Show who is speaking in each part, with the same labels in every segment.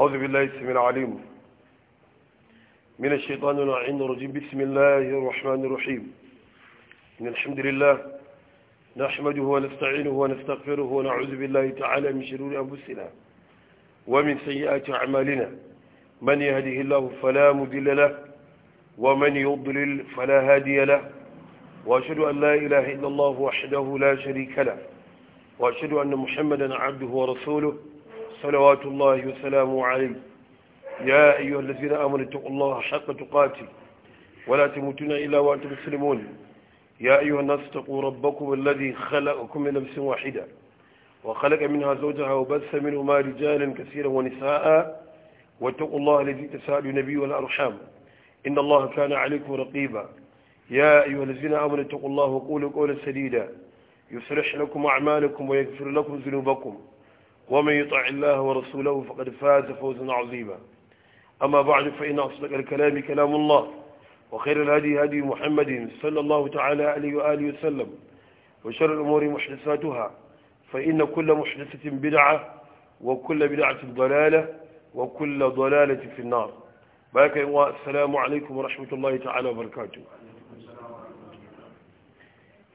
Speaker 1: أعوذ بالله السلام العليم من الشيطان العين الرجيم بسم الله الرحمن الرحيم إن الحمد لله نحمده ونستعينه ونستغفره ونعوذ بالله تعالى من شرور أنفسنا ومن سيئات أعمالنا من يهده الله فلا مضل له ومن يضلل فلا هادي له وأشهد أن لا إله إلا الله وحده لا شريك له وأشهد أن محمدا عبده ورسوله صلوات الله وسلامه عليه يا أيها الذين آمنوا اتقوا الله حق تقاته ولا تموتون إلا وأنتم مسلمون يا أيها الناس اتقوا ربكم الذي خلقكم من نفس واحدة وخلق منها زوجها وبث منهما رجالا كثيرا ونساء واتقوا الله الذي تساءل نبي والأرحام إن الله كان عليكم رقيبا يا أيها الذين آمنوا اتقوا الله وقولوا قولا سديدا يصلح لكم أعمالكم ويغفر لكم ذنوبكم ومن يطع الله ورسوله فقد فاز فوزا عظيما أما بعد فإن أصدق الكلام كلام الله وخير الهدي هدي محمد صلى الله تعالى عليه وآله وسلم وشر الأمور محدثاتها فإن كل محدثة بدعة وكل بدعة ضلالة وكل ضلالة في النار بارك الله السلام عليكم ورحمة الله تعالى وبركاته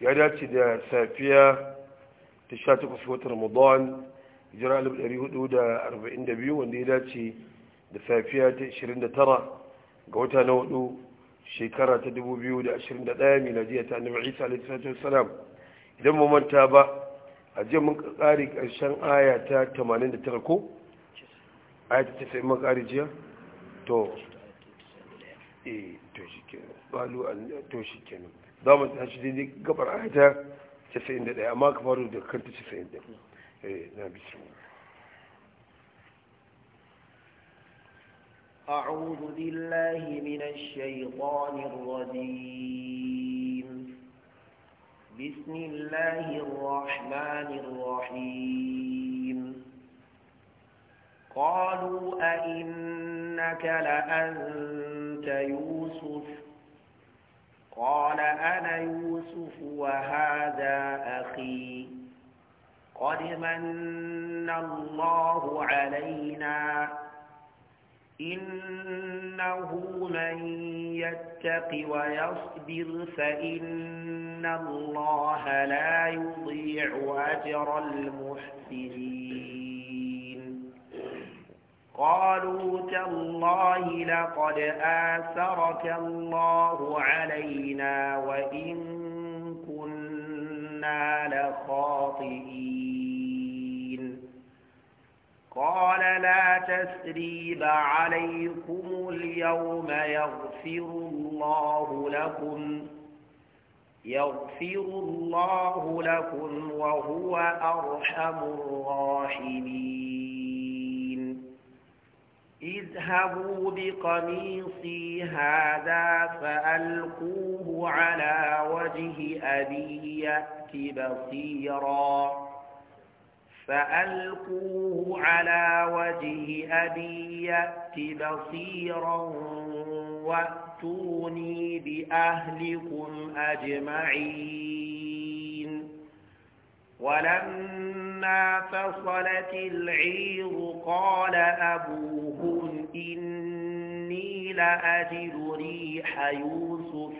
Speaker 1: يا راتي دا سافية تشاتك في رمضان hijira 1442 wanda ya dace da safiya ta 29 ga wata na hudu shekara ta 2021 miladiya ta annabi isa alaihi salam idan mu manta ba a jiya mun kare karshen aya ta 89 ko aya ta 90 mun kare jiya to eh to shikenan balu an to shikenan za mu tashi daidai gabar aya ta 91 amma ka faru da kanta 91 إيه، نعم، بسم الله
Speaker 2: أعوذ بالله من الشيطان الرجيم بسم الله الرحمن الرحيم قالوا أئنك لأنت يوسف قال أنا يوسف وهذا أخي قد من الله علينا إنه من يتق ويصبر فإن الله لا يضيع أجر المحسنين قالوا تالله لقد آثرك الله علينا وإن لخاطئين قال لا تسريب عليكم اليوم يغفر الله لكم يغفر الله لكم وهو أرحم الراحمين اذهبوا بقميصي هذا فألقوه على وجه أبي يأت بصيرا فألقوه على وجه أبي يأت بصيرا وأتوني بأهلكم أجمعين ولما فصلت العير قال أبوه إني لأجد ريح يوسف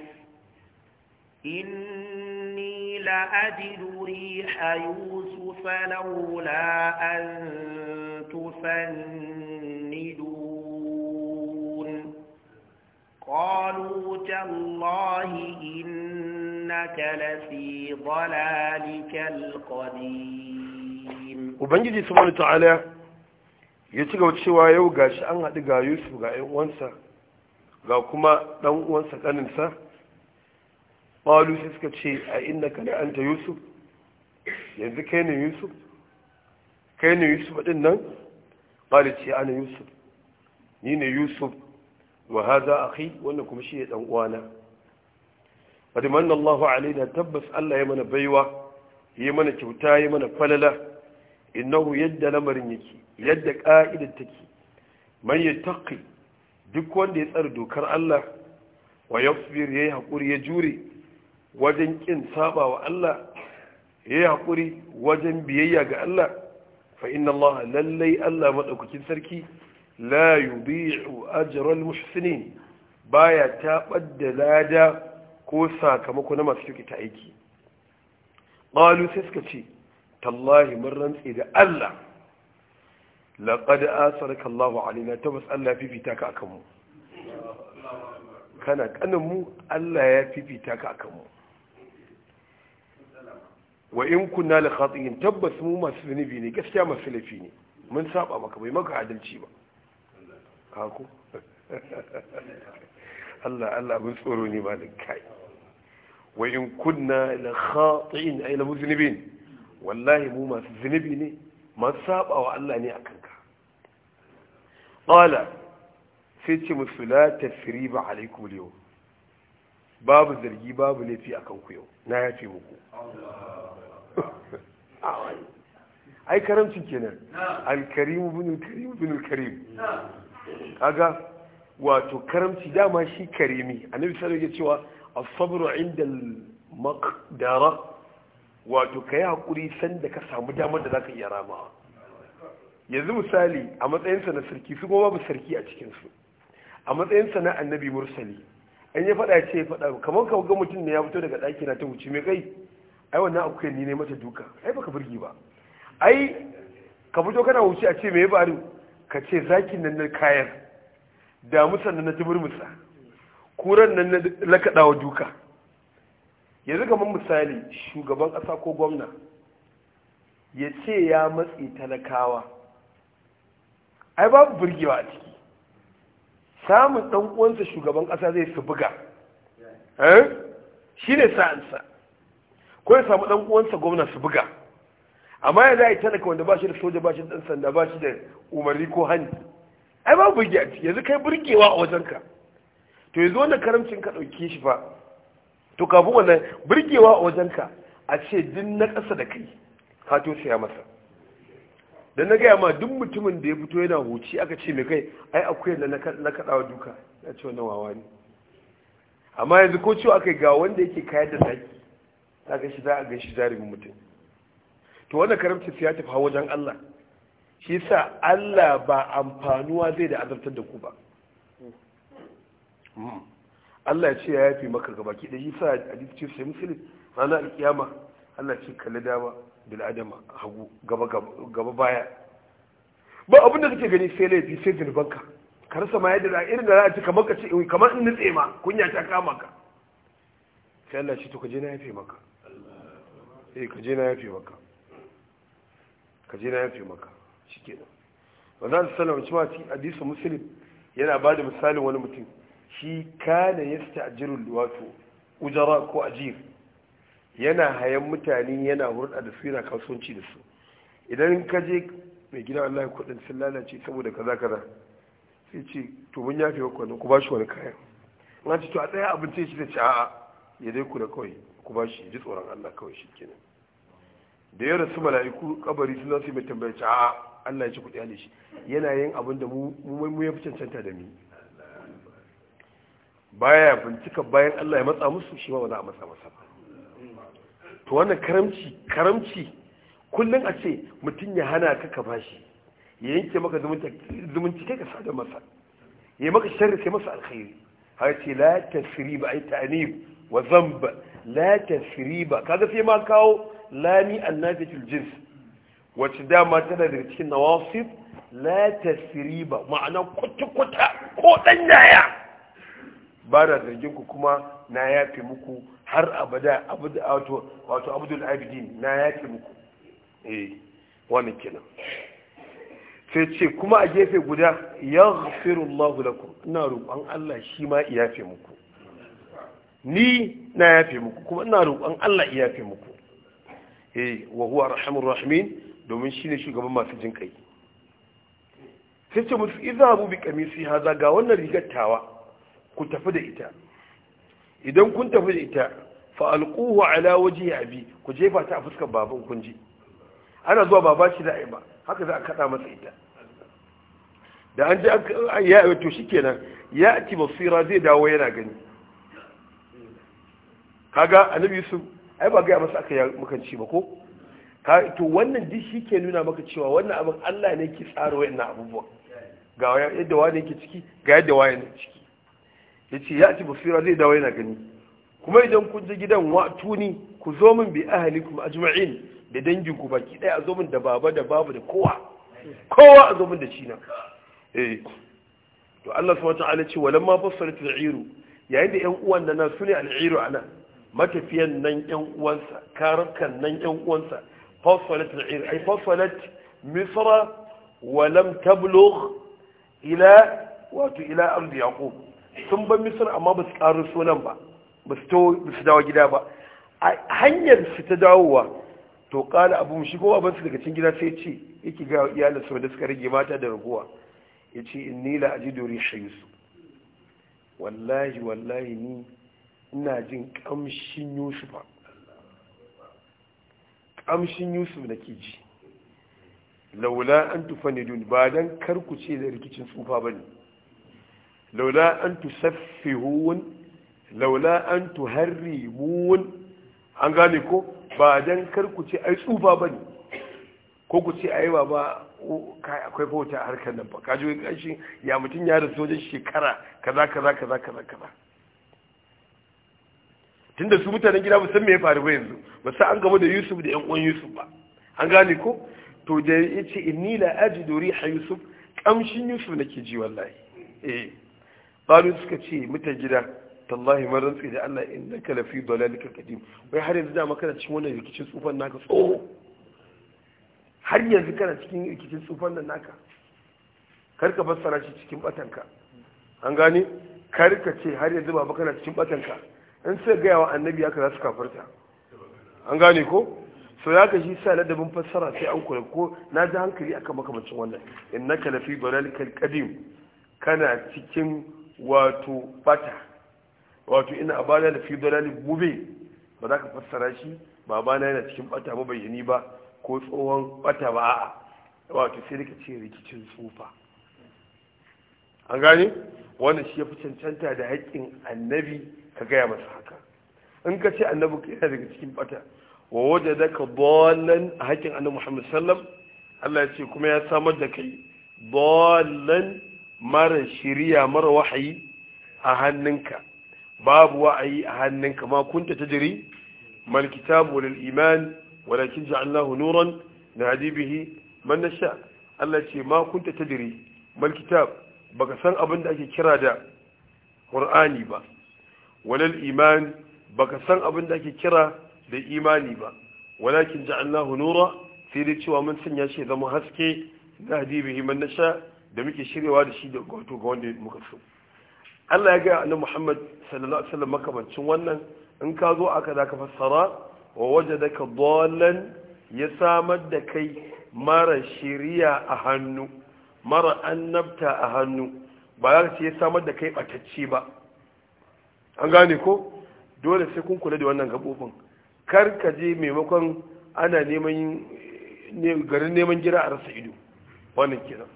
Speaker 2: إني لأجد ريح يوسف لولا أن تفندون قالوا تالله إنك لفي ضلالك القديم
Speaker 1: وبنجي سبحانه وتعالى ya ci gaba cewa yau gashi an haɗu ga yusuf ga uwansa ga kuma ɗan uwansa ƙaninsa mawalu sai suka ce a inda ka ta yusuf yanzu kai ne yusuf kai ne yusuf ɗin nan ƙwari ce ana yusuf ni ne yusuf wa haza kai wannan kuma shi ya ɗan uwana qad manna Allahu da tabbas Allah ya mana baiwa ya mana kyauta ya mana falala innahu yadda lamarin yake yadda ka'idar take man yattaqi duk wanda ya tsara dokar Allah wa yasbir yayi hakuri ya jure wajen kin saba wa Allah yayi hakuri wajen biyayya ga Allah fa inna Allah lallai Allah madaukakin sarki la yudhi'u ajra al-muhsinin baya taɓar da lada ko sakamako na masu kyauta aiki ƙalu sai suka ce tallahi mun rantse da Allah laqad asaraka Allahu alaina tabbas Allah ya fifita ka akan mu kana kanin mu Allah ya fifita ka akan mu
Speaker 2: wa in kunna
Speaker 1: la khati'in tabbas mu masu zunubi ne gaskiya masu laifi ne mun saba maka bai maka adalci ba kako Allah Allah mun tsoro ne ba da kai wa in kunna la khati'in ay la muznibin wallahi mu masu zunubi ne masu saba wa Allah ne a kanka ƙwala sai ce musu la tafiri ba alaikum yau babu zargi babu laifi a kanku yau na ya ce muku ai karamcin kenan alkarimu binul karim binul karim kaga wato karamci dama shi karimi annabi sallallahu alaihi wasallam ya cewa as-sabru 'inda al-maqdara wato ka yi haƙuri sanda ka samu damar da za ka iya ramawa yanzu misali a matsayinsa na sarki su kuma babu sarki a cikinsu a matsayinsa na annabi mursali an yi faɗa ce faɗa kamar ka ga mutum ne ya fito daga ɗaki na ta wuce mai kai ai wannan akwai ni ne mata duka ai baka burgi ba ai ka fito kana wuce a ce me baru ka ce zakin nan na kayan damusan nan na tuburmusa kuran nan na lakaɗawa duka yanzu gaban misali shugaban ƙasa ko gwamna ya ce ya matsi talakawa ai babu burgewa a ciki samun ɗan'uwansa uwansa shugaban ƙasa zai su buga eh? shi ne sa'ansa ko ya samu ɗan'uwansa uwansa gwamna su buga amma ya za a yi talaka wanda ba shi da soja ba shi da ɗan sanda ba shi da umarni ko hannu ai babu burgewa a ciki yanzu kai burgewa a wajenka to yanzu wannan karamcin ka ɗauke shi fa to kafin wannan birgewa a wajenka a ce din na ƙasa da kai ka tosaya masa da na gaya ma duk mutumin da ya fito yana huci aka ce mai kai ai akwai da na kaɗawa duka ya ce wani wawa ne amma yanzu ko cewa aka ga wanda yake kayar da zaki, za ka shi za a gan shi jarumin mutum to wannan karamci ya tafi wajen Allah shi sa Allah ba amfanuwa zai da azabtar da ku ba hmm. Allah ya ce ya yafe maka gaba ki da a hadisi sai musulmi ranar alkiyama Allah ce kalli dama bil adam hagu gaba gaba baya ba abin da kake gani sai laifi sai zunubanka ka rasa ma yadda irin da za a ci kamar ka ce kamar in nutse ma kunya ta kama ka sai Allah shi to ka je na yafe maka eh ka je na yafe maka ka je na yafe maka shikenan wannan sallallahu alaihi wasallam shi hadisi muslim yana ba da misalin wani mutum shi kana yasta'jirul wato ujara ko ajir yana hayan mutane yana hurɗa da su yana kasuwanci da su idan ka je mai gina Allah kudin sun lalace saboda kaza kaza sai ce to mun yafe wa kwanan ku bashi wani kayan na ce to a tsaya abinci shi da ci a'a ya dai ku da kawai ku bashi ji tsoron Allah kawai shi kenan da yau da su mala'iku kabari sun zasu mai tambaya ci a'a Allah ya ci kuɗi ne shi yana yin abin da mu mu ya fi cancanta da mu baya bincika bayan Allah ya matsa musu shi ma ba za a matsa masa ba to wannan karamci karamci kullum a ce mutum ya hana ka ka bashi ya yanke maka zumunci kai ka sada masa ya maka sharri kai masa alkhairi har ce la tasriba ay ta'nib wa dhanb la tasriba kaga sai ma kawo lami annafatul jins wacce dama tana daga cikin nawasib la ba. ma'ana kwata kwata ko ɗan yaya ba na zargin ku kuma na yafe muku har abada wato abdul abidin na yafe muku eh wani kenan sai ce kuma a gefe guda ya gafirullahu lakum ina roƙon Allah shi ma iyafe muku ni na yafe muku kuma ina roƙon Allah iyafe muku eh wa huwa arhamur rahimin domin shine shugaban masu jinƙai. sai ce musu idhabu bi kamisi haza ga wannan rigar tawa ku tafi da ita idan kun tafi da ita fa alquhu ala wajhi abi ku jefa ta a fuskar baban kun ji ana zuwa baba shi da Aiba ba haka za a kada masa ita da an ji ya to shikenan ya ci basira zai dawo yana gani kaga annabi yusuf ai ba ga masa aka ya mukan ci ba ko to wannan duk shi ke nuna maka cewa wannan abin Allah ne ke tsara wa'annan abubuwa ga yadda wani ke ciki ga yadda wani ne ciki ya ce ya ci basira zai dawo yana gani kuma idan kun ji gidan watuni ku zo min bi ahalikum ajma'in da danginku baki daya a zo min da baba da babu da kowa kowa a zo min da shi na eh to Allah subhanahu wa ta'ala ce walamma fasarat al'iru yayin da yan uwan nan su ne al'iru ana matafiyan nan yan uwansa karakan nan yan uwansa fasarat al'iru ai fasarat misra wa lam tablugh ila wato ila ardi yaqub sun ban misir amma ba su ƙaro sunan ba ba su dawo gida ba a hanyar su ta dawowa to kala abu shi ban su daga cin gida sai ce yake ga iyalin su da suka rage mata da raguwa ya ce in nila a ji dori su wallahi wallahi ni ina jin ƙamshin yusuf ƙamshin yusuf na ke ji laula an tufa ne ba don karku ce da rikicin tsufa ba ne laula an tusaffihun laula an tuharrimun an gane ko ba dan kar ku ce ai tsufa ba ne ko ku ce ai baba kai akwai bauta a harkar nan ba kaji kashi ya mutum ya rasu wajen shekara kaza kaza kaza kaza kaza tunda su mutanen gida ba san me ya faru ba yanzu ba sa an gaba da Yusuf da yan uwan Yusuf ba an gane ko to da yace inni la ajidu riha Yusuf kamshin Yusuf nake ji wallahi eh qalu suka ce muta gida tallahi mun rantsi da Allah innaka lafi dalalika qadim wai har yanzu dama kana cikin wannan rikicin tsufan naka tsoho har yanzu kana cikin rikicin tsufan nan naka karka fassara shi cikin batanka an gane karka ce har yanzu baba kana cikin batanka in sai gaya wa annabi haka za su kafarta an gane ko so ya ka shi sa ladabin fassara sai an kula ko na ji hankali akan makamancin wannan In innaka lafi dalalika qadim kana cikin wato fata wato ina abana da fi dalalin ba za ka fassara shi ba bana yana cikin bata bayyani ba ko tsohon bata ba a wato sai rika ce rikicin tsufa an gane wannan shi ya fi cancanta da haƙƙin annabi ka gaya masa haka in ka ce annabi yana daga cikin bata wa waje da ka bolan a haƙƙin annabi muhammad sallam allah ya ce kuma ya samar da kai bolan mara shiriya mara wahayi a hannunka babu wa'ayi a hannunka ma kunta tajri mal kitabu lil iman walakin ja'alnahu nuran nahdi bihi man nasha Allah ce ma kunta tajri mal kitab baka san abin da ake kira da qur'ani ba walal iman baka san abin da ake kira da imani ba walakin ja'alnahu nura sai dai cewa mun sanya shi zama haske nahdi bihi man nasha da muke shirewa da shi da goto ga wanda muka so Allah ya ga annabi Muhammad sallallahu alaihi wasallam makamancin wannan in ka zo aka da ka fassara wa wajadaka dallan ya samar da kai mara shiriya a hannu mara annabta a hannu ba za ka ce ya samar da kai batacce ba an gane ko dole sai kun kula da wannan gabobin kar ka je maimakon ana neman garin neman gira a rasa ido wannan kenan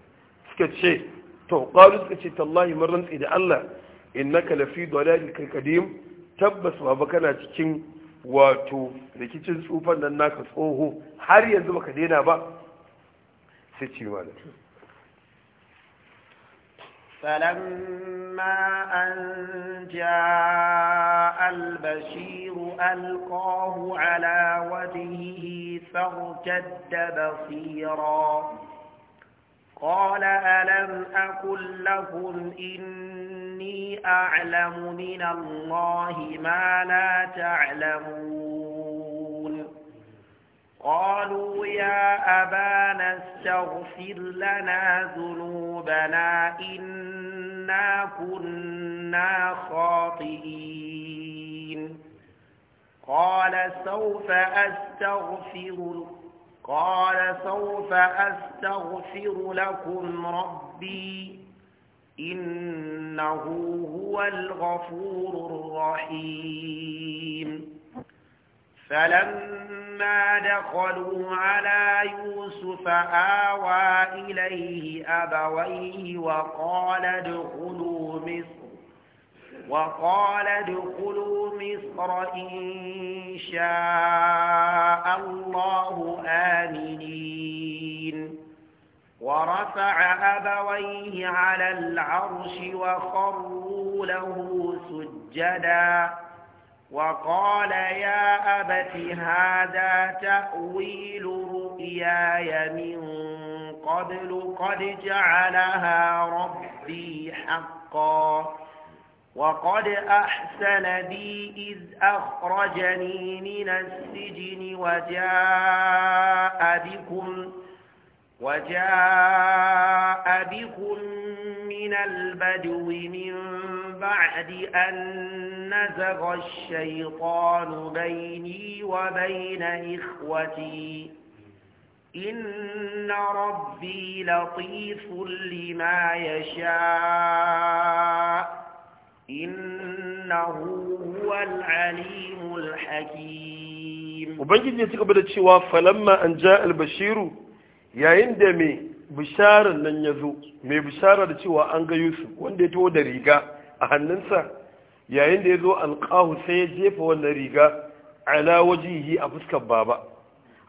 Speaker 1: suka ce to suka ce tallahi mun da Allah innaka lafi dalalikal qadim tabbas baba kana cikin wato rikicin tsufan nan naka tsoho har yanzu baka daina ba sai ce malam
Speaker 2: فلما أن جاء البشير ألقاه على وجهه فارتد بصيرا قال ألم أقل لكم إني أعلم من الله ما لا تعلمون قالوا يا أبانا استغفر لنا ذنوبنا إنا كنا خاطئين قال سوف أستغفر قال سوف أستغفر لكم ربي إنه هو الغفور الرحيم فلما دخلوا على يوسف آوى إليه أبويه وقال ادخلوا مصر وقال ادخلوا مصر إن شاء الله آمنين ورفع أبويه على العرش وخروا له سجدا وقال يا أبت هذا تأويل رؤياي من قبل قد جعلها ربي حقا وقد أحسن بي إذ أخرجني من السجن وجاء بكم وجاء بكم من البدو من بعد أن نزغ الشيطان بيني وبين إخوتي إن ربي لطيف لما يشاء innahu huwal alimul hakim
Speaker 1: ubangiji ya ci gaba da cewa falamma an ja albashiru yayin da mai bisharar nan ya zo mai bishara da cewa an ga yusuf wanda ya taho da riga a hannunsa yayin da ya zo alƙahu sai ya jefa wannan riga ala wajihi a fuskar baba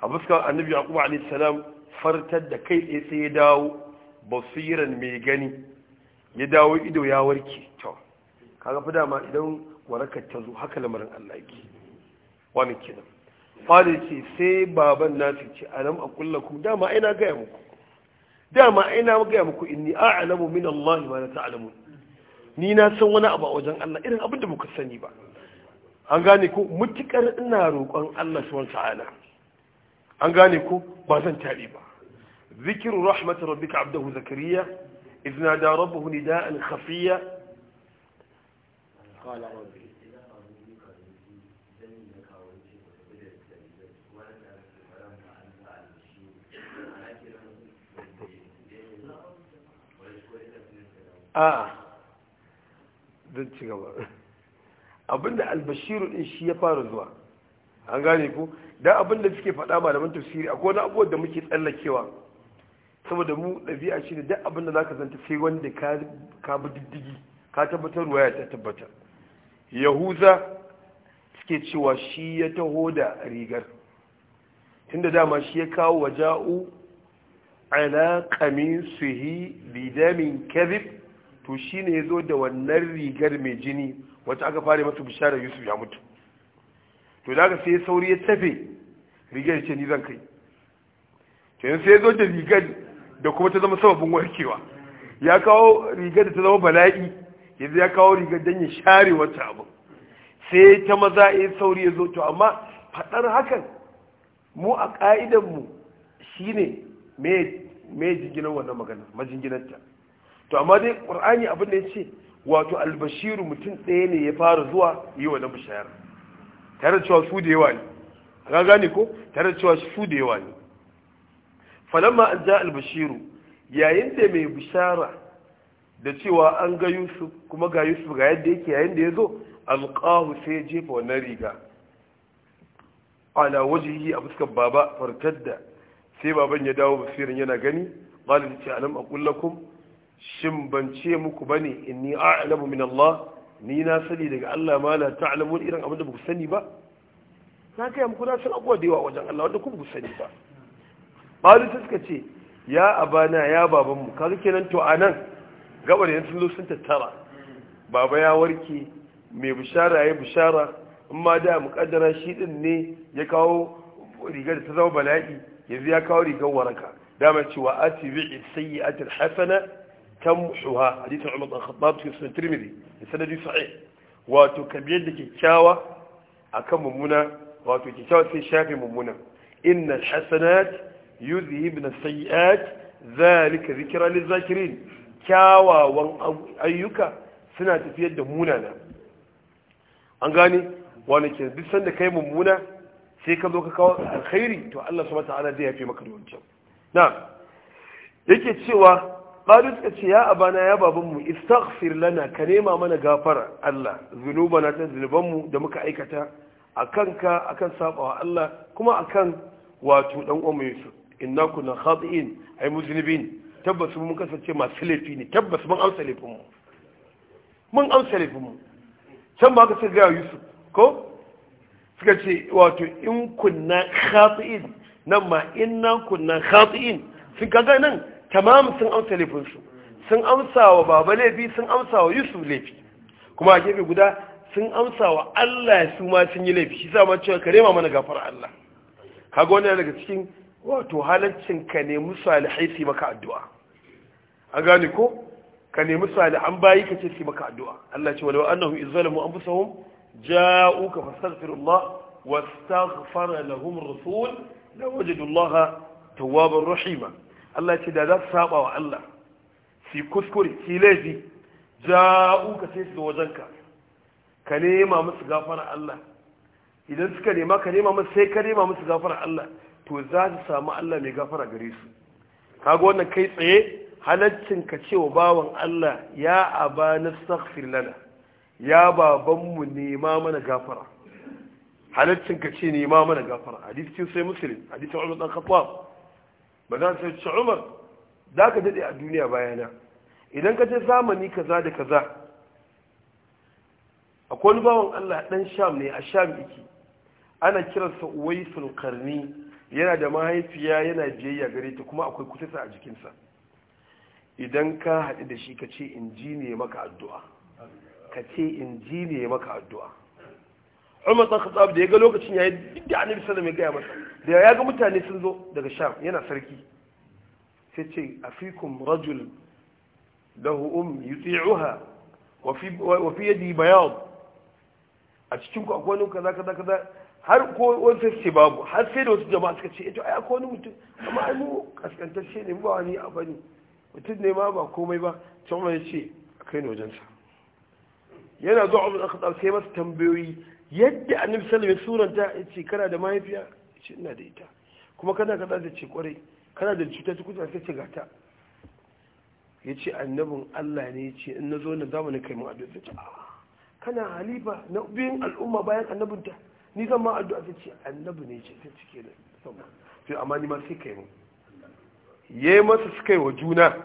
Speaker 1: a fuskar annabi yaqub alayhi salam fartar da kai tsaye sai ya dawo basiran mai gani ya dawo ido ya warke to kaga fi dama idan warakar ta zo haka lamarin Allah yake wani kenan fadi ce sai baban nasu ce alam aqullakum dama ai na gaya muku dama ai na gaya muku inni a'lamu min Allah ma la ta'lamu ni na san wani abu a wajen Allah irin abin da muka sani ba an gane ko mutukar ina roƙon Allah subhanahu ta'ala an gane ko ba zan tabi ba ذكر رحمة rabbika عبده zakariya إذ da rabbuhu nida'an خفيا قال ربي a zan ci gaba abinda albashiru din shi ya fara zuwa an gane ku don abinda suke faɗa malaman tafsiri akwai wani abubuwan da muke tsallakewa saboda mu ɗabi'a shi ne duk abinda za ka zanta sai wanda ka bi diddigi ka tabbatar waya ta tabbata yahuza suke cewa shi ya taho da rigar tunda dama shi ya kawo wa ja'u ala qamisihi bidamin kezib to shi ne ya zo da wannan rigar mai jini wata aka fara masa bishara Yusuf ya mutu to daga sai sauri ya tafe rigar ce ni zan kai kenan sai zo da rigar da kuma ta zama sababin warkewa ya kawo rigar da ta zama bala'i yanzu ya kawo riga don ya share wata abu sai ta maza ya sauri ya zo to amma faɗar hakan mu a ƙa'idanmu shi ne mai jinginan wannan magana majinginanta to amma dai ƙur'ani abin da ya ce wato albashiru mutum ɗaya ne ya fara zuwa yi wa na bishayar tare cewa su da yawa ne ka gane ko tare cewa su da yawa ne falamma an ja albashiru yayin da mai bishara da cewa an ga yusuf kuma ga yusuf ga yadda yake yayin da ya zo alƙahu sai ya jefa wannan riga ala wajihi a fuskar baba farkar da sai baban ya dawo basirin yana gani ƙalin ce alam a kullakum shin ban ce muku ba ne in ni a'lamu min Allah ni na sani daga Allah ma la ta'lamu irin abin da ba ku sani ba na kai muku na san abuwa da yawa wajen Allah wanda ku ba sani ba ƙalin suka ce ya abana ya babanmu kaga kenan to anan gabar yan tullo sun tattara baba ya warke mai bishara ya bishara in ma da mukaddara shi din ne ya kawo rigar da ta zama bala'i yanzu ya kawo rigar waraka dama cewa atibi sayyi'atil hasana tamhuha hadithu umar bin khattab cikin sunan tirmidhi da sanadi sahih wato kabiyar da kyakkyawa akan mummuna wato kyakkyawa sai shafe mummuna inna hasanat yuzhibna sayyi'at zalika dhikra lizakirin kyawawan ayyuka suna tafiyar da munana an gane wani ke duk sanda kai mummuna sai ka zo ka kawo alkhairi to Allah subhanahu wataala zai yafe maka da wancan na yake cewa qalu suka ce ya abana ya mu istaghfir lana ka nema mana gafara Allah na ta mu da muka aikata akan ka akan sabawa Allah kuma akan wato dan uwan Yusuf inna kunna khati'in ay muzunibin tabbas mun kasance masu laifi ne tabbas mun amsa laifinmu mun amsa laifinmu can ba ka sai gaya yusuf ko suka ce wato in kunna khati'in nan ma inna kunna khati'in sun kaga nan tamam sun amsa laifinsu sun amsa wa baba laifi sun amsa wa yusuf laifi kuma a gefe guda sun amsa wa Allah su ma sun yi laifi shi sa ma cewa ka rema mana gafar Allah kaga wannan daga cikin wato halaccin ka nemi salihai su maka addu'a a gane ko ka nemi salihan bayi ka ce su maka addu'a Allah ce walau annahu izzalamu anfusahum ja'uka fastaghfirullah wastaghfara lahum rasul lawajadu Allah tawwaban rahima Allah ce da za su saba wa Allah su kuskure su laifi ja'uka sai su wajenka ka nema musu gafara Allah idan suka nema ka nema musu sai ka nema musu gafara Allah to za su samu Allah mai gafara gare su kaga wannan kai tsaye halaccin ka cewa bawan Allah ya abana saghfir lana ya baban mu nema mana gafara halaccin ka ce nema mana gafara hadisi sai muslim hadisi Umar dan Khattab bazan sai ce Umar ka dade a duniya bayana idan ka ce zamani kaza da kaza akwai bawan Allah dan Sham ne a Sham yake ana kiransa Uwaisul Qarni yana da mahaifiya yana biyayya gare ta kuma akwai kusa a jikinsa idan ka haɗu da shi ka ce in ji ne maka addu'a ka ce in ji ne maka addu'a umar ɗan khattab da ya ga lokacin ya yi duk da annabi sallam ya gaya masa da ya ga mutane sun zo daga sham yana sarki sai ce afikum rajul lahu um yuti'uha wa fi yadi bayad a cikin ku akwai kaza kaza kaza har ko wasu ce babu har sai da wasu jama'a suka ce ito eh, ai akwai wani mutum amma ai mu kaskantacce ne ba wani abu ne mutum ne ma ba komai ba can ya ce a kai wajensa yana zuwa aka da sai masa tambayoyi yadda annabi sallallahu alaihi wasallam suranta ya ce kana da mahaifiya ce ina da ita kuma kana kaza da ce kwarai kana da cuta ta kuta sai ce ta ya ce annabin Allah ne ya ce in na zo na zamanin kai mu a kana halifa na biyun al'umma bayan annabinta ni zan ma addu'a ta ce annabi ne ce ta cike da sama To amma ni ma sai kai mu yayi masa suka yi wa juna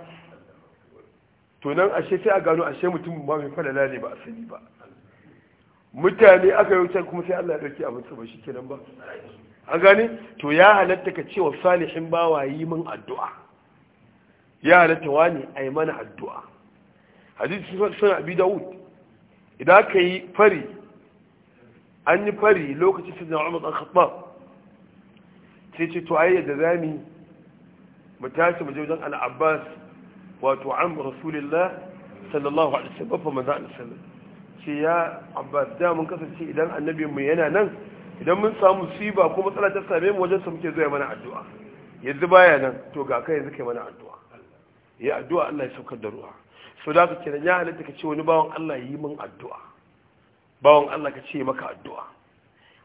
Speaker 1: to nan ashe sai a gano ashe mutum ba mai falala ne ba a sani ba mutane aka yi kuma sai Allah ya ɗauki abin sa ba shi kenan ba an gane to ya halatta ka cewa salihin bawa yi min addu'a ya halatta wani ai mana addu'a hadisi suna abi daud idan ka yi fari an yi fari lokacin su da umar ɗan khattab sai ce to ayyar da zami mu tashi mu je wajen al'abbas wato an rasulillah sallallahu alaihi wasallam fa manzo alaihi ce ya abbas da mun kasance idan annabi mu yana nan idan mun samu siba ko matsala ta same mu wajen sa muke zuwa mana addu'a yanzu baya nan to ga kai yanzu kai mana addu'a ya addu'a Allah ya saukar da ruwa so da ka kenan ya halatta ka ce wani bawan Allah yi min addu'a Bawan Allah ka ce maka addu'a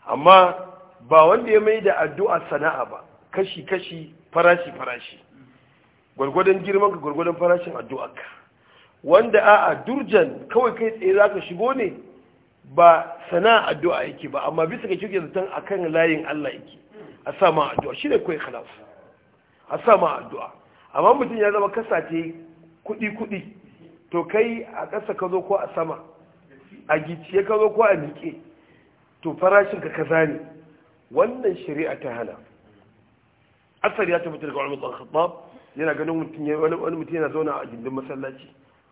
Speaker 1: amma ba wanda ya mai da addu'a sana'a ba kashi-kashi farashi-farashi gwargwadon girman ka gwargwadon farashin ka. wanda a durjan kawai kai tsaye za ka shigo ne ba sana'a addu'a yake ba amma bisa ka shirya zaton a kan layin Allah yake a sa ma addu'a shi ne kawai khalas a sa ma addu'a amma mutum ya zama kasace kuɗi-kuɗi to kai a ƙasa ka zo ko a sama a gici ya kawo ko a miƙe to farashin ka kaza ne wannan shari'a ta hana asar ya tafi daga umar bin yana ganin mutum ya wani mutum yana zauna a gindin masallaci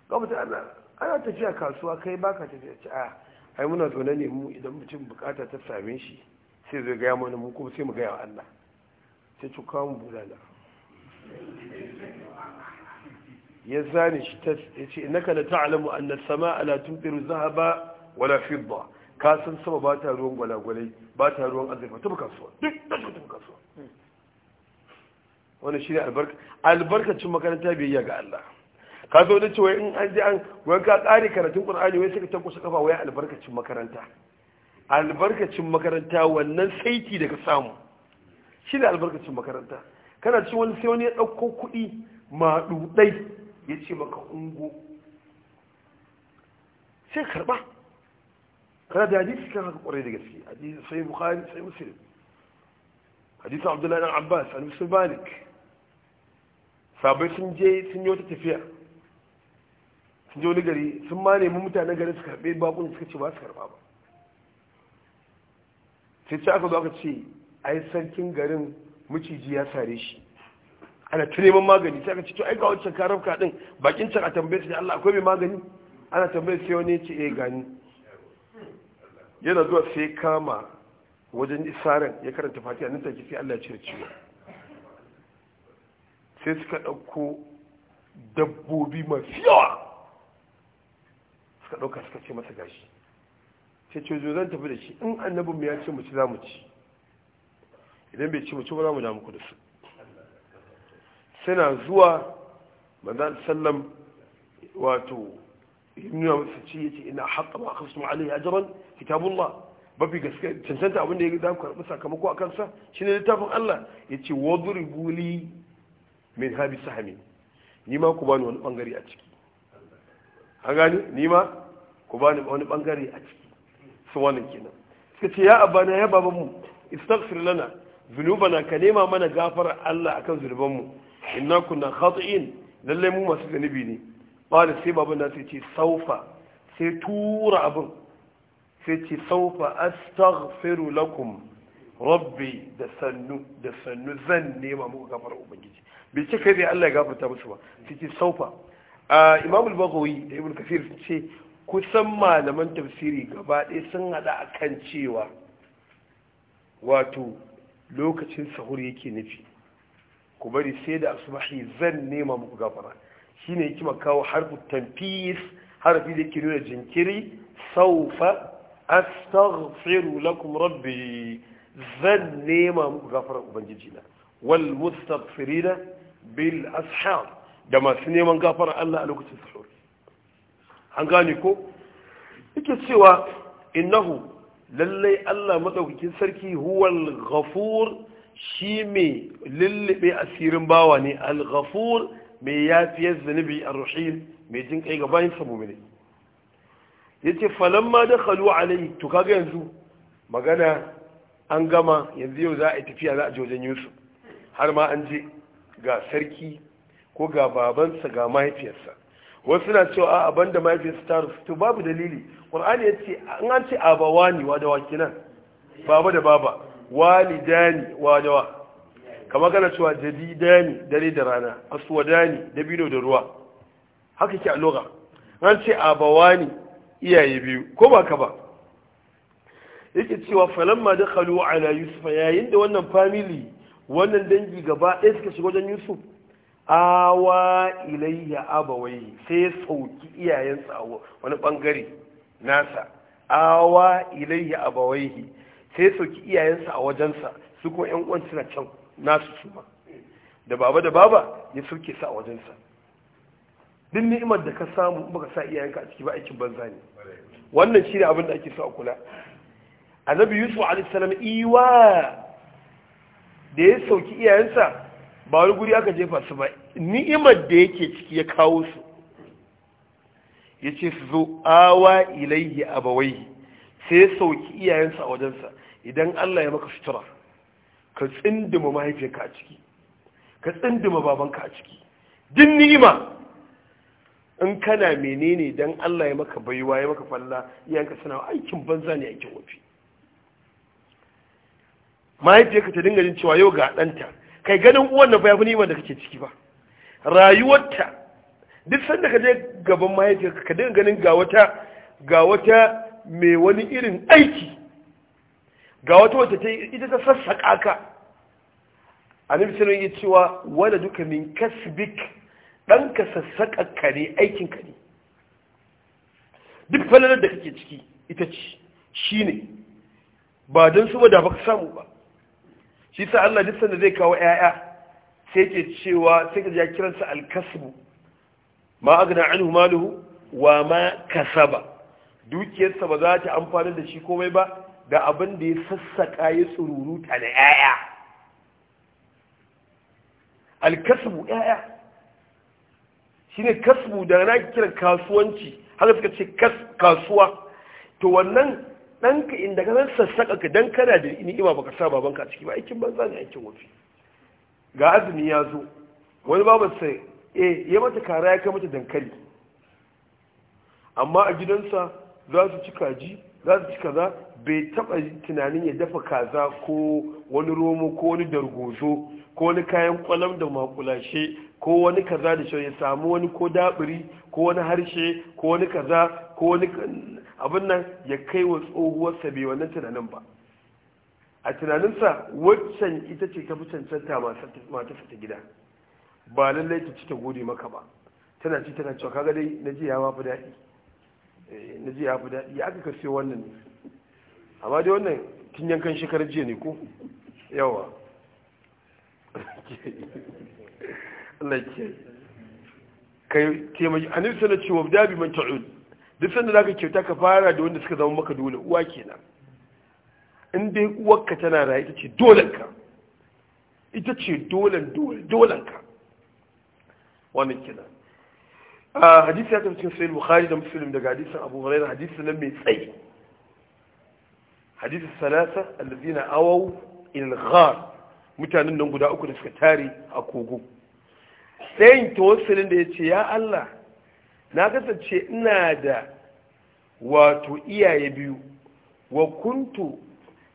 Speaker 1: ga mutum ana ana tafiya kasuwa kai baka tafiya ci a ai muna zaune ne mu idan mutum bukata ta same shi sai zai gaya mana mu kuma sai mu gaya wa Allah sai ci kawo mu bulala ya zane shi ta ce naka la ta'lamu anna sama ala la tumtiru zahaba wala fidda ka san sama ba ta ruwan gwalagwalai ba ta ruwan azurfa ta kasuwa duk da ta suwa wani shi ne albarkacin makaranta bai yi ga Allah ka zo da cewa in an ji an wani ka tsari karatun Qur'ani wai suka tankusa kafa wai albarkacin makaranta albarkacin makaranta wannan saiti da ka samu ne albarkacin makaranta kana cikin wani sai wani ya dauko kuɗi ɗuɗai ya ce maka ungo sai karba kada da hadisi kan haka kwarai da gaske hadisi sai bukhari sai muslim hadisi abdullahi dan abbas an musu malik sabai sun je sun yi wata tafiya sun je wani gari sun ma nemi mutanen garin su karbe bakun suka ce ba su karba ba sai ce aka zo aka ce ai sarkin garin maciji ya sare shi ana ta neman magani sai aka ce to ai ga wancan karamka din bakin can a tambaye su da Allah akwai mai magani ana tambaye sai wani ya ce eh gani yana zuwa sai kama wajen isaran ya karanta fatiha nan take sai Allah ya cire ciwo sai suka dauko dabbobi mafi yawa suka dauka suka ce masa gashi sai ce zo zan tafi da shi in annabin mu ya ce mu ci za mu ci idan bai ci mu ci ba za mu damu ku da su suna zuwa madan sallam wato nuna masa ce ya ce ina haƙa ma kasu ya ajiran kitabullah mafi gaske cancanta abinda ya za ku karɓi sakamako a kansa shi ne littafin allah ya ce waduri buli min habi sahami ni ma ku bani wani bangare a ciki an gani ni ma ku bani wani bangare a ciki su wannan kenan suka ce ya abana ya babanmu istaghfir lana zunubana ka nema mana gafara allah akan zunubanmu inna kunna khati'in lalle mu masu zanubi ne qala sai babu na sai ce saufa sai tura abin sai ce saufa astaghfiru lakum rabbi da sannu da sannu zan nema muku gafar ubangiji bai ce kai zai Allah ya gafarta musu ba sai ce saufa imam al-baghawi da ibn kathir ce kusan malaman tafsiri gaba ɗaya sun hada akan cewa wato lokacin sahur yake nufi ku bari sai da asbahi zan nema muku gafara shine yake makawo harfu tanfis harfi da ke da jinkiri saufa astaghfiru lakum rabbi zan nema muku gafara ubangiji na wal mustaghfirina bil ashab da masu neman gafara Allah a lokacin sahur an gane ko yake cewa innahu lallai Allah madaukakin sarki huwal ghafur shi mai lullube asirin bawa ne al-ghafur mai yafiyar zunubi a rahim mai jin kai gabanin sa mu'mini yace falamma khalu alai to kaga yanzu magana an gama yanzu yau za a yi tafiya za a je Yusuf har ma an je ga sarki ko ga babansa ga mahaifiyarsa wasu na cewa a banda mahaifiyarsa ta rufu to babu dalili ƙwar'ani ya ce an ce abawani wa da wakilan baba da baba walidani wajawa kama kana cewa jadidani dare da rana aswadani dabino da ruwa haka ke a loga an ce abawani iyaye biyu ko ba ka ba yake cewa falamma da khalu ala yusuf yayin da wannan family wannan dangi gaba ɗaya suka shiga wajen yusuf awa ilayya abawai sai sauki iyayensa a wani bangare nasa awa ilayya abawai sai ya sauki iyayensa a wajensa su kuma yan uwan suna can nasu su ma da baba da baba ya sauke su a wajensa duk ni'imar da ka samu baka sa iyayenka a ciki ba aikin banza ne wannan shi ne abin da ake so a kula annabi yusuf alayhi salam iwa da ya sauki iyayensa ba wani guri aka jefa su ba ni'imar da yake ciki ya kawo su ya ce su zo awa ilaihi abawai sai sauki iyayensa a wajensa idan Allah ya maka sutura ka tsindima mahaifiyarka a ciki ka tsindima babanka a ciki din ni'ima in kana menene dan Allah ya maka baiwa ya maka falla iyanka suna aikin banza ne aikin wafi mahaifiyarka ta dinga jin cewa yau ga ɗanta kai ganin uwan na bayafi ni'ima da kake ciki ba rayuwarta duk sanda ka je gaban mahaifiyarka ka dinga ganin ga wata ga wata mai wani irin aiki ga wata wata ta ita ta sassaƙa ka annabi sallallahu alaihi cewa wala duka min kasbik dan ka sassaƙa ka ne aikin ka ne duk falalar da kake ciki ita ce shine ba don su ba da baka samu ba shi sa Allah duk sanda zai kawo 'ya'ya sai ke cewa sai ka ji kiransa al-kasbu ma agna anhu maluhu wa ma kasaba dukiyarsa ba za ta amfana da shi komai ba da abin da ya sassaƙa ya tsururuta na 'ya'ya alkasbu 'ya'ya shi ne kasbu da na kiran kasuwanci haka suka ce kasuwa to wannan ɗanka inda ka zan sassaƙa ka don kana da ni'ima baka sa babanka a ciki ba aikin banza ne aikin wafi ga azumi ya zo wani babu sai e eh, ya mata kara ya kai mata dankali amma a gidansa za su ci kaji za su ci kaza bai taba tunanin ya dafa kaza ko wani romo ko wani dargozo ko wani kayan kwalam da makulashe ko wani kaza da shirya ya samu wani ko daɓiri ko wani harshe ko wani kaza ko wani abin nan ya kai wa tsohuwarsa bai wannan tunanin ba a tunaninsa waccan ita ce ta fi cancanta matarsa ta gida ba lallai ta ci ta gode maka ba tana ci tana cewa kaga dai na ji ya ma fi daɗi Eh, na ji ya fi daɗi ya aka kasiyo wannan ne amma dai wannan tun yankan shekarar jiya ne ko yawa Allah ke ka taimaki a cewa da bi dabi man ta'ud duk sanda za ka kyauta ka fara da wanda suka zama maka dole uwa kenan in dai uwarka tana raye ita ce ka ita ce dolan ka wannan kenan a hadisi ya tafi sai bukhari da muslim daga hadisin abu hurairah hadisi nan mai tsayi hadisi salasa allazina awau, ilghar mutanen nan guda uku da suka tare a kogo tsayin tawassulin da ya ce ya Allah na kasance ina da wato iyaye biyu wa kuntu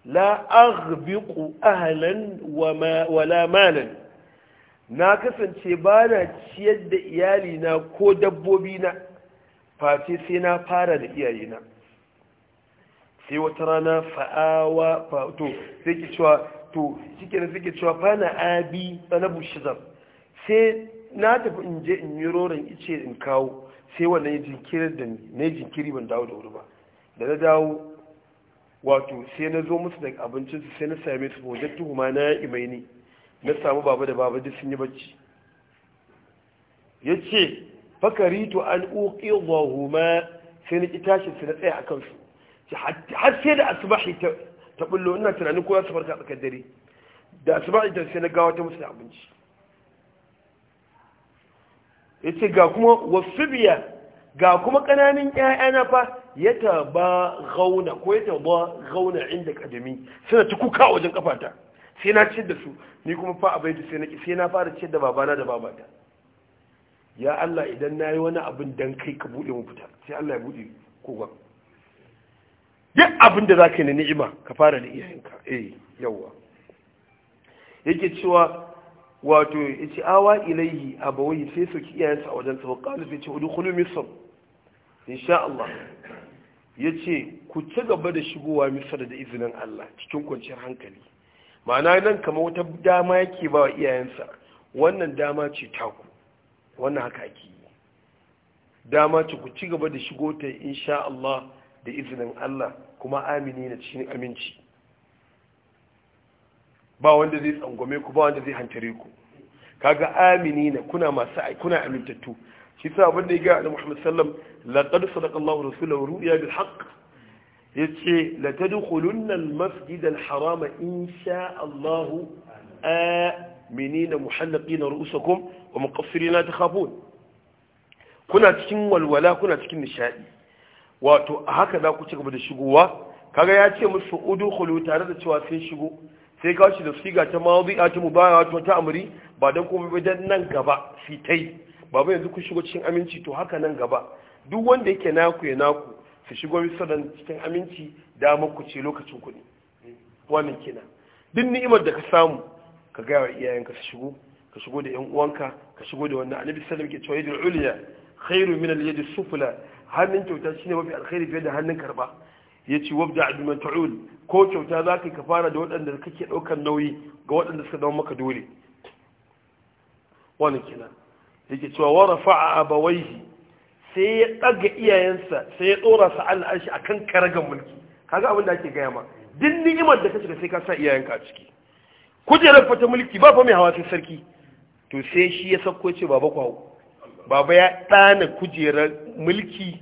Speaker 1: la aghbiqu ahlan wa malan na kasance ba na ciyar da iyalina ko dabbobina face sai na fara da iyayena sai wata rana fa'awa to sai ke cewa to cike da suke cewa fana abi tsanabu shizar sai na tafi in je in yi roron ice in kawo sai na ya jinkiri da na jinkiri ban dawo da wuri ba da na dawo wato sai na zo musu da abincinsu sai na same su wajen tuhuma na imaini na samu baba da baba duk sun yi bacci ya ce fakaritu an uƙi wahuma sai na ƙi su na tsaye a kansu har sai da asibahi ta ɓullo ina tunanin kowa su farka tsakar dare da asibahi ta sai na gawa ta musu abinci ya ce ga kuma wasu biya ga kuma ƙananan ƴaƴana fa ya taba gauna ko ya taba gauna inda ƙadami suna ta kuka wajen ƙafata sai na ciyar da su ni kuma fa abai da sai na sai na fara ciyar da babana da babata ya Allah idan nayi wani abin dan kai ka bude mu fita sai Allah ya bude kogon duk abin da zaka yi na ni'ima ka fara da iyayenka eh yawa yake cewa wato yace awa ilaihi abawai sai su ki iyayensa a wajen tsawon, qalu sai ce udkhulu misr insha Allah yace ku ci gaba da shigowa misr da izinin Allah cikin kwanciyar hankali ma'ana nan kama wata dama yake ba wa iyayensa wannan dama ce taku wannan haka ake yi dama ce ku ci gaba da shigo ta insha Allah da izinin Allah kuma amini na cikin aminci ba wanda zai tsangwame ku ba wanda zai hantare ku kaga amini na kuna masu kuna amintattu shi sa abin da ya ga Muhammad sallam laqad sadaqa Allahu rasulahu ru'ya bil haqq ya ce latadkhulunnal masjidal harama insha Allah aminina muhallaqina ru'usakum wa ta takhafun kuna cikin walwala kuna cikin nishadi wato haka za ku ci gaba da shigowa kaga ya ce musu udkhulu tare da cewa sun shigo sai kawo shi da siga ta mawadi'a ta baya wato ta amri ba dan kuma ba dan nan gaba fitai baba yanzu ku shigo cikin aminci to haka nan gaba duk wanda yake naku ya naku ka shigo misalan cikin aminci da ku ce lokacin ku ne wannan kenan duk ni'imar da ka samu ka gaya wa iyayenka su shigo ka shigo da yan uwanka ka shigo da wannan annabi sallallahu alaihi wasallam ke cewa ulya khairu min al-yad sufla hannun kyauta shine mafi alkhairi fiye da hannun karba yace wabda bi ta'ul ko kyauta zaka ka fara da waɗanda kake daukar nauyi ga waɗanda suka zama maka dole wannan kenan yake cewa wa rafa'a abawaihi sai ya ɗaga iyayensa sai ya tsora su an shi a kan karagan mulki kaga abin da ake gaya ma duk ni'imar da ka shiga sai ka sa iyayenka a ciki kujerar fata mulki ba fa mai hawa sai sarki to sai shi ya sauko ce baba kwawo baba ya ɗana kujerar mulki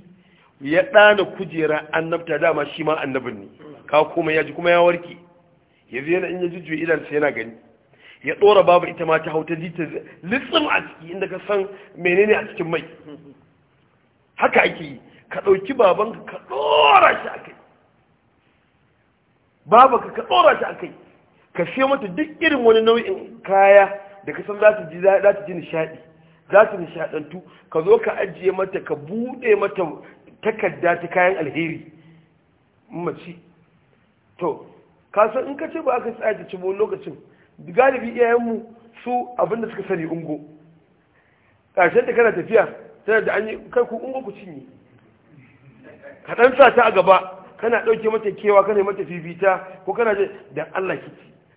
Speaker 1: ya ɗana kujerar annabta dama shi ma annabin ne ka kuma ya ji kuma ya warke yanzu yana in ya idan sai yana gani ya ɗora babu ita ma ta hau ta ji ta a ciki inda ka san menene a cikin mai haka ake yi ka ɗauki babanka ka ɗora shi a kai babanka ka ɗora shi a kai ka she mata duk irin wani nau'in kaya da ka za ta ji nishaɗi za ta nishaɗantu ka zo ka ajiye mata ka buɗe mata takarda ta kayan alheri mace to ka in ka ce ba aka tsaye ta ci lokacin galibi iyayenmu su abinda suka sani ungo ƙarshen da kana tafiya Tana da an yi kai ku ungo ku cinye ka dan sa ta a gaba kana dauke mata kewa kana mata fifita ko kana je dan Allah ki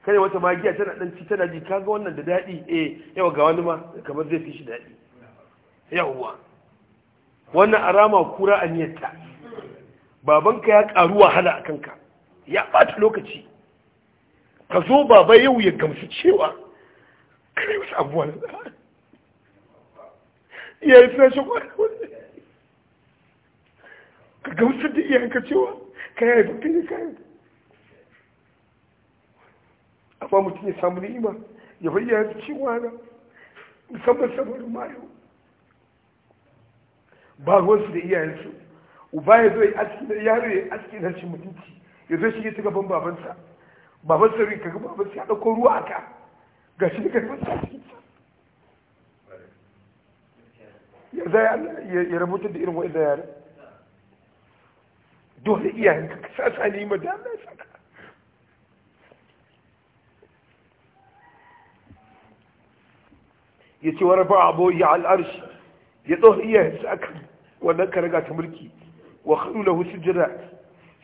Speaker 1: kana mata magiya tana dan ci tana ji kaga wannan da dadi eh yawa ga wani ma kamar zai fi shi dadi yawa wannan arama kura aniyarta babanka ya karu wahala a kanka ya bata lokaci ka zo baba yau ya gamsu cewa kai wasu
Speaker 2: iyaye suna shi kwana wani
Speaker 1: ka gamsar da ka cewa ka yaya bakai ne kayan amma mutum ya samu ni'ima ya bayyana da cewa na musamman samarin mayu ba ruwansu da iyayensu uba ya zo ya aski na yaro ya aski na shi mutunci ya zo shi ya tuka ban babansa babansa rin kaga babansa ya ɗauko ruwa aka ga shi da karfin sa cikin ya rubuta da irin wa'in yaran dole iyayen ka sa ne ma da ya saka ya ce wani ba abu ya al'arshi ya tsohon iyayen su aka wannan ka raga ta mulki wa hannu na husu jira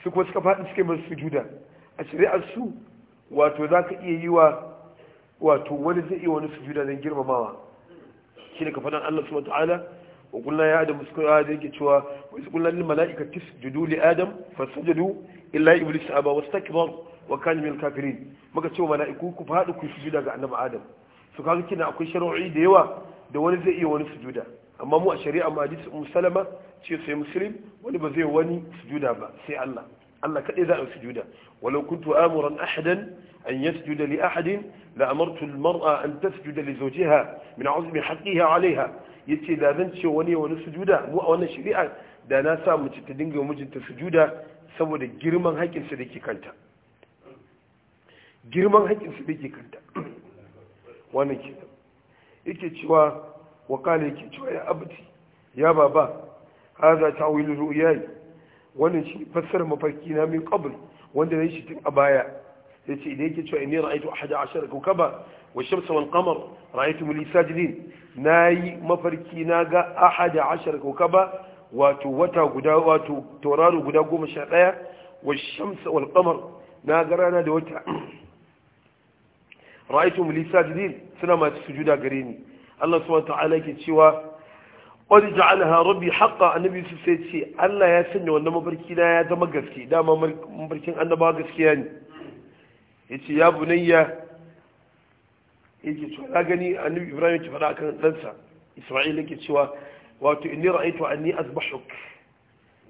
Speaker 1: su kuma suka faɗi suke masu sujuda a shari'ar su wato za ka iya yi wa wato wani zai iya wani sujuda don girmamawa shi ne ka faɗin Allah subhanahu wa ta'ala wa kullum ya adam suka yi adam yake cewa wasu kullum ni mala'ika tis judu li adam fasajadu illa iblis aba wasu takibar wa kan min kafirin muka ce mala'iku ku faɗi ku sujuda ga annabi adam su kaga kina akwai shari'o'i da yawa da wani zai iya wani sujuda amma mu a shari'a ma hadisi ummu salama ce sai muslim wani ba zai wani sujuda ba sai Allah Allah kaɗe za a sujuda walau kuntu amuran ahadan an yasjuda li ahadin la amartu al-mar'a an tasjuda li zawjiha min azmi haqqiha 'alayha ya ce da zan ce wani wani sujuda mu a wannan shari'a da na sa mace ta dinga mijinta sujuda saboda girman haƙƙinsa da ke kanta girman haƙƙinsa da ke kanta wannan ke yake cewa wakala yake cewa ya abuti ya baba haza ta wili ru'yayi wannan shi fassara mafarki na min qabl wanda yi shi tun a baya yace idan yake cewa inni ra'aytu ahada ashara kawkaba wa shamsa wal qamar ra'aytum li sajidin nayi mafarki naga ahada ashar kawkaba wato wata guda wato tauraro guda 11 wa shamsa wal qamar naga rana da wata ra'aytum li sajidin suna masu sujuda gare ni Allah subhanahu wa ta'ala yake cewa wani ja'alaha rabbi haqqa annabi yusuf sai ce Allah ya sanya wannan mafarki na ya zama gaske dama mafarkin annaba gaskiya ne yace ya bunayya yake cewa na gani annabi ibrahim yake faɗa akan ɗansa isma'il yake cewa wato inni ra'aytu anni azbahuk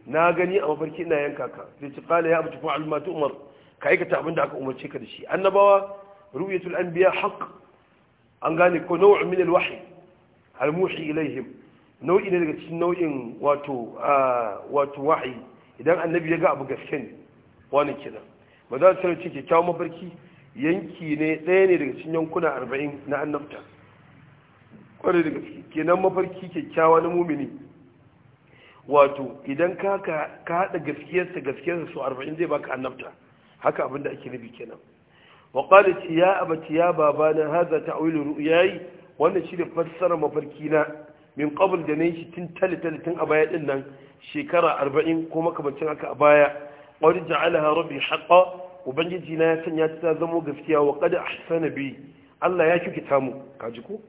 Speaker 1: na gani a mafarki ina yanka ka zai ci qala ya abtu fa'al ma tu'mar ka aikata abin da aka umarce ka da shi annabawa ru'yatul anbiya haqq an gane ko nau'in min alwahyi almuhi ilaihim nau'i ne daga cikin nau'in wato wato wahyi idan annabi ya ga abu gaske ne wani kenan ba sai su ce kyakkyawan mafarki yanki ne ɗaya ne daga cikin yankuna arba'in na annabta kwarai daga ciki kenan mafarki kyakkyawa na mumini wato idan ka haɗa gaskiyarsa gaskiyarsa su arba'in zai baka annabta haka abinda ake nufi kenan wa qala ci ya abati ya babana hadha ta'wilu ru'yai wannan shi ne fassara mafarki na min qabl da nan shi tun tali tali tun a baya din nan shekara arba'in ko makamancin haka a baya qad ja'alaha rabbi haqqan ubangiji na ya sanya ta zamo gaskiya wa a ahsana bi Allah ya kikita mu kaji ko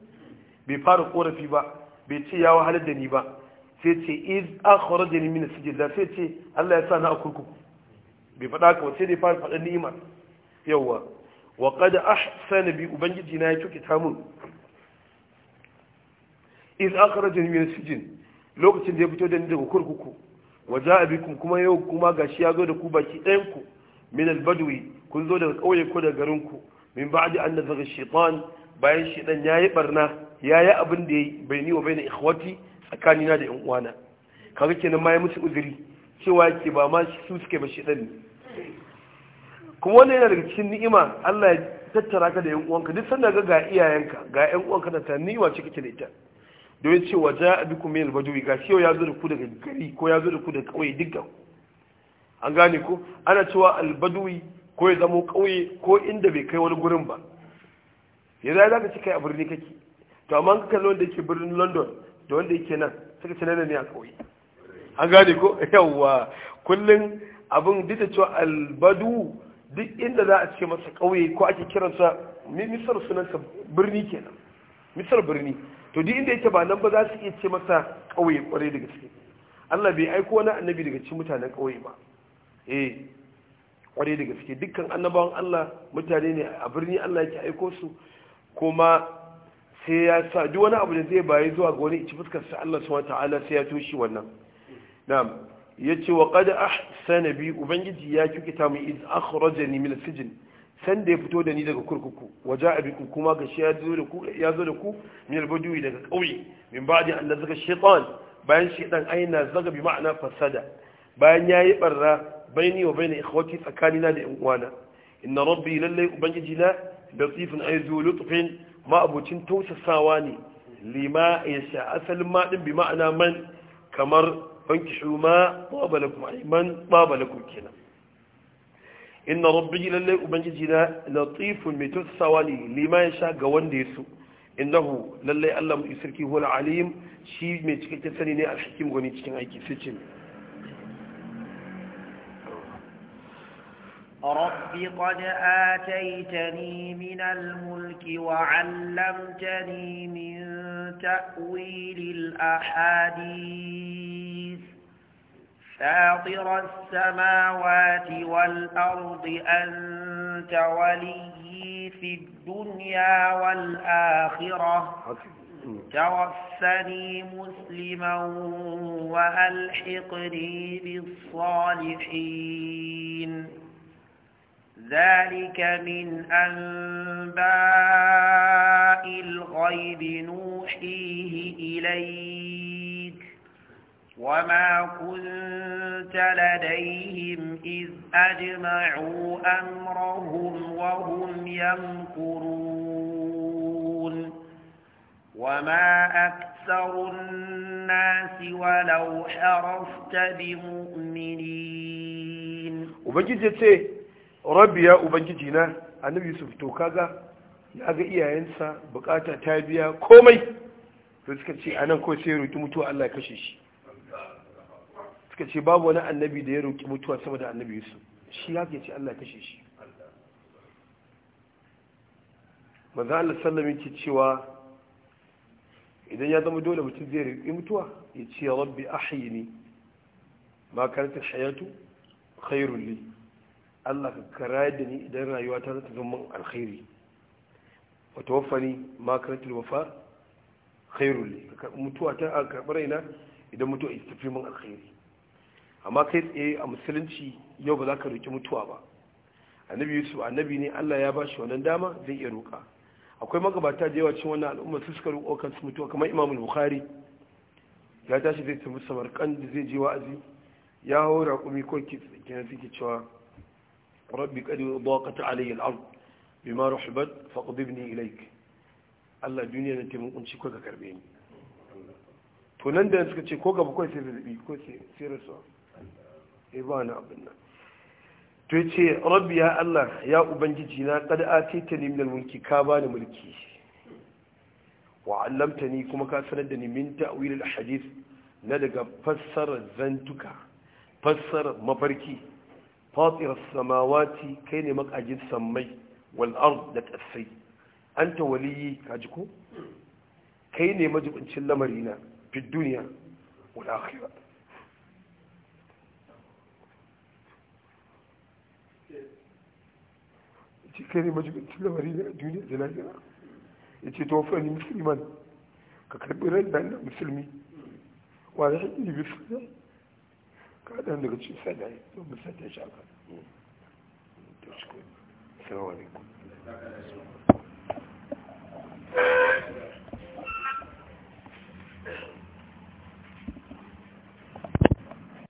Speaker 1: bai fara korafi ba bai ce ya wahalar da ni ba sai ce iz akhrajani min da sai ce Allah ya sa a kurkuku bai fada ka sai dai fara fada ni'ima yawa wa qad ahsana bi ubangiji na ya kikita mu iz akhrajani min sijin lokacin da ya fito da ni daga kurkuku wa a bikum kuma yau kuma gashi ya zo da ku baki ɗayan ku min albadwi kun zo daga kauye ko daga garin ku min ba'di an nazaga shaitan bayan shaitan yayi barna yayi abin da yayi baini wa baina ikhwati na da yan uwana kaga kenan ma ya musu uzuri cewa yake ba ma su suke ba shaitan ne kuma wannan yana daga cikin ni'ima Allah ya tattara ka da yan uwanka duk sanda ga ga iyayenka ga yan uwanka da ta ni'ima ce kake da ita don cewa ja'a bikum min albadwi ga cewa ya zo da ku daga gari ko ya zo da ku daga kauye dukkan an gane ko ana cewa albadui ko ya zamo ƙauye ko inda bai kai wani gurin ba zai za ka ci kai a birni kake to amma ka kalli wanda yake birnin london da wanda yake nan suka ci nanani ne a ƙauye an gane ko yawwa kullum abin duk da cewa albadu duk inda za a ce masa ƙauye ko ake kiransa misar sunansa birni kenan misar birni to duk inda yake ba nan ba za su iya ce masa ƙauye kwarai da gaske Allah bai aiko wani annabi daga cikin mutanen ƙauye ba eh kwarai da gaske dukkan annabawan Allah mutane ne a birni Allah yake aiko su kuma sai ya sa duk wani abu da zai bayi zuwa ga wani ci fuskar sa Allah subhanahu ta'ala sai ya toshi wannan na'am yace wa qad ahsana bi ubangiji ya ta mu iz akhrajani min sijin san da ya fito da ni daga kurkuku waje a bikin kuma ga shi ya zo da ku min albaduwi daga ƙauye min ba da allah zaga bayan shaitan aina zaga bi ma'ana fasada bayan ya barra baini wa baina ikhwati tsakanina da yan uwana inna rabbi lallai ubangiji na latifun ay lutfin ma abucin tausasawa ne lima yasha asalin ma din bi ma'ana man kamar fankishu ma babalakum ay man babalakum kenan inna rabbi lallai ubangiji na latifun mai tausasawa ne lima yasha ga wanda ya so innahu lallai Allah mu isirki huwa alim shi mai cikakken sani ne alhakim gwani cikin aiki sai
Speaker 2: رب قد آتيتني من الملك وعلمتني من تأويل الأحاديث فاطر السماوات والأرض أنت ولي في الدنيا والآخرة توفني مسلما وألحقني بالصالحين ذلك من أنباء الغيب نوحيه إليك وما كنت لديهم إذ أجمعوا أمرهم وهم يمكرون وما أكثر الناس ولو حرفت بمؤمنين
Speaker 1: وبجد rabbi ya ubangiji na annabi yusuf to kaga ya ga iyayensa bukata ta biya komai to suka ce anan ko sai roki mutuwa Allah ya kashe shi suka ce babu wani annabi da ya roki mutuwa saboda annabi yusuf shi ya ce Allah ya kashe shi manzo Allah sallallahu alaihi wasallam cewa idan ya zama dole mutum zai roki mutuwa ya ce rabbi ahyini ma kanta hayatu khairul li Allah ka kara da ni idan rayuwa ta zata zama alkhairi wa tawaffani ma karatul wafa khairul li ka mutuwa ta a karbar raina idan mutuwa ita tafi min alkhairi amma kai tsaye a musulunci yau ba za ka roki mutuwa ba annabi yusuf annabi ne Allah ya bashi wannan dama zai iya roka akwai magabata da yawa cikin wannan al'umma su suka roƙo su mutuwa kamar imamul bukhari ya tashi zai tafi samarkand zai je wa'azi ya hawo raƙumi ko kitse kenan suke cewa rabbi qad daqat alayya al-ard bima rahbat faqdibni ilayk Allah duniya ne taimakon kunci ko karbe ni to da suka ce ko gaba ko sai zazzabi ko sai sai rasuwa eh ba na abin nan to yace rabbi ya Allah ya ubangiji na qad atitani min mulki ka bani mulki wa ni kuma ka sanar da ni min ta'wil na daga fassara zantuka fassara mafarki فاطر السماوات كين مقاجد سمي والأرض لتأسي أنت ولي كاجكو كين مجب أن شل في الدنيا والآخرة كين مجب أن شل في الدنيا زلاجنا أنت توفاني مسلما كاكربي رجل مسلمي وعلى حد بسلمي kaɗan daga cikin sadai don mu sadai shi aka to shi ko
Speaker 2: salamu alaikum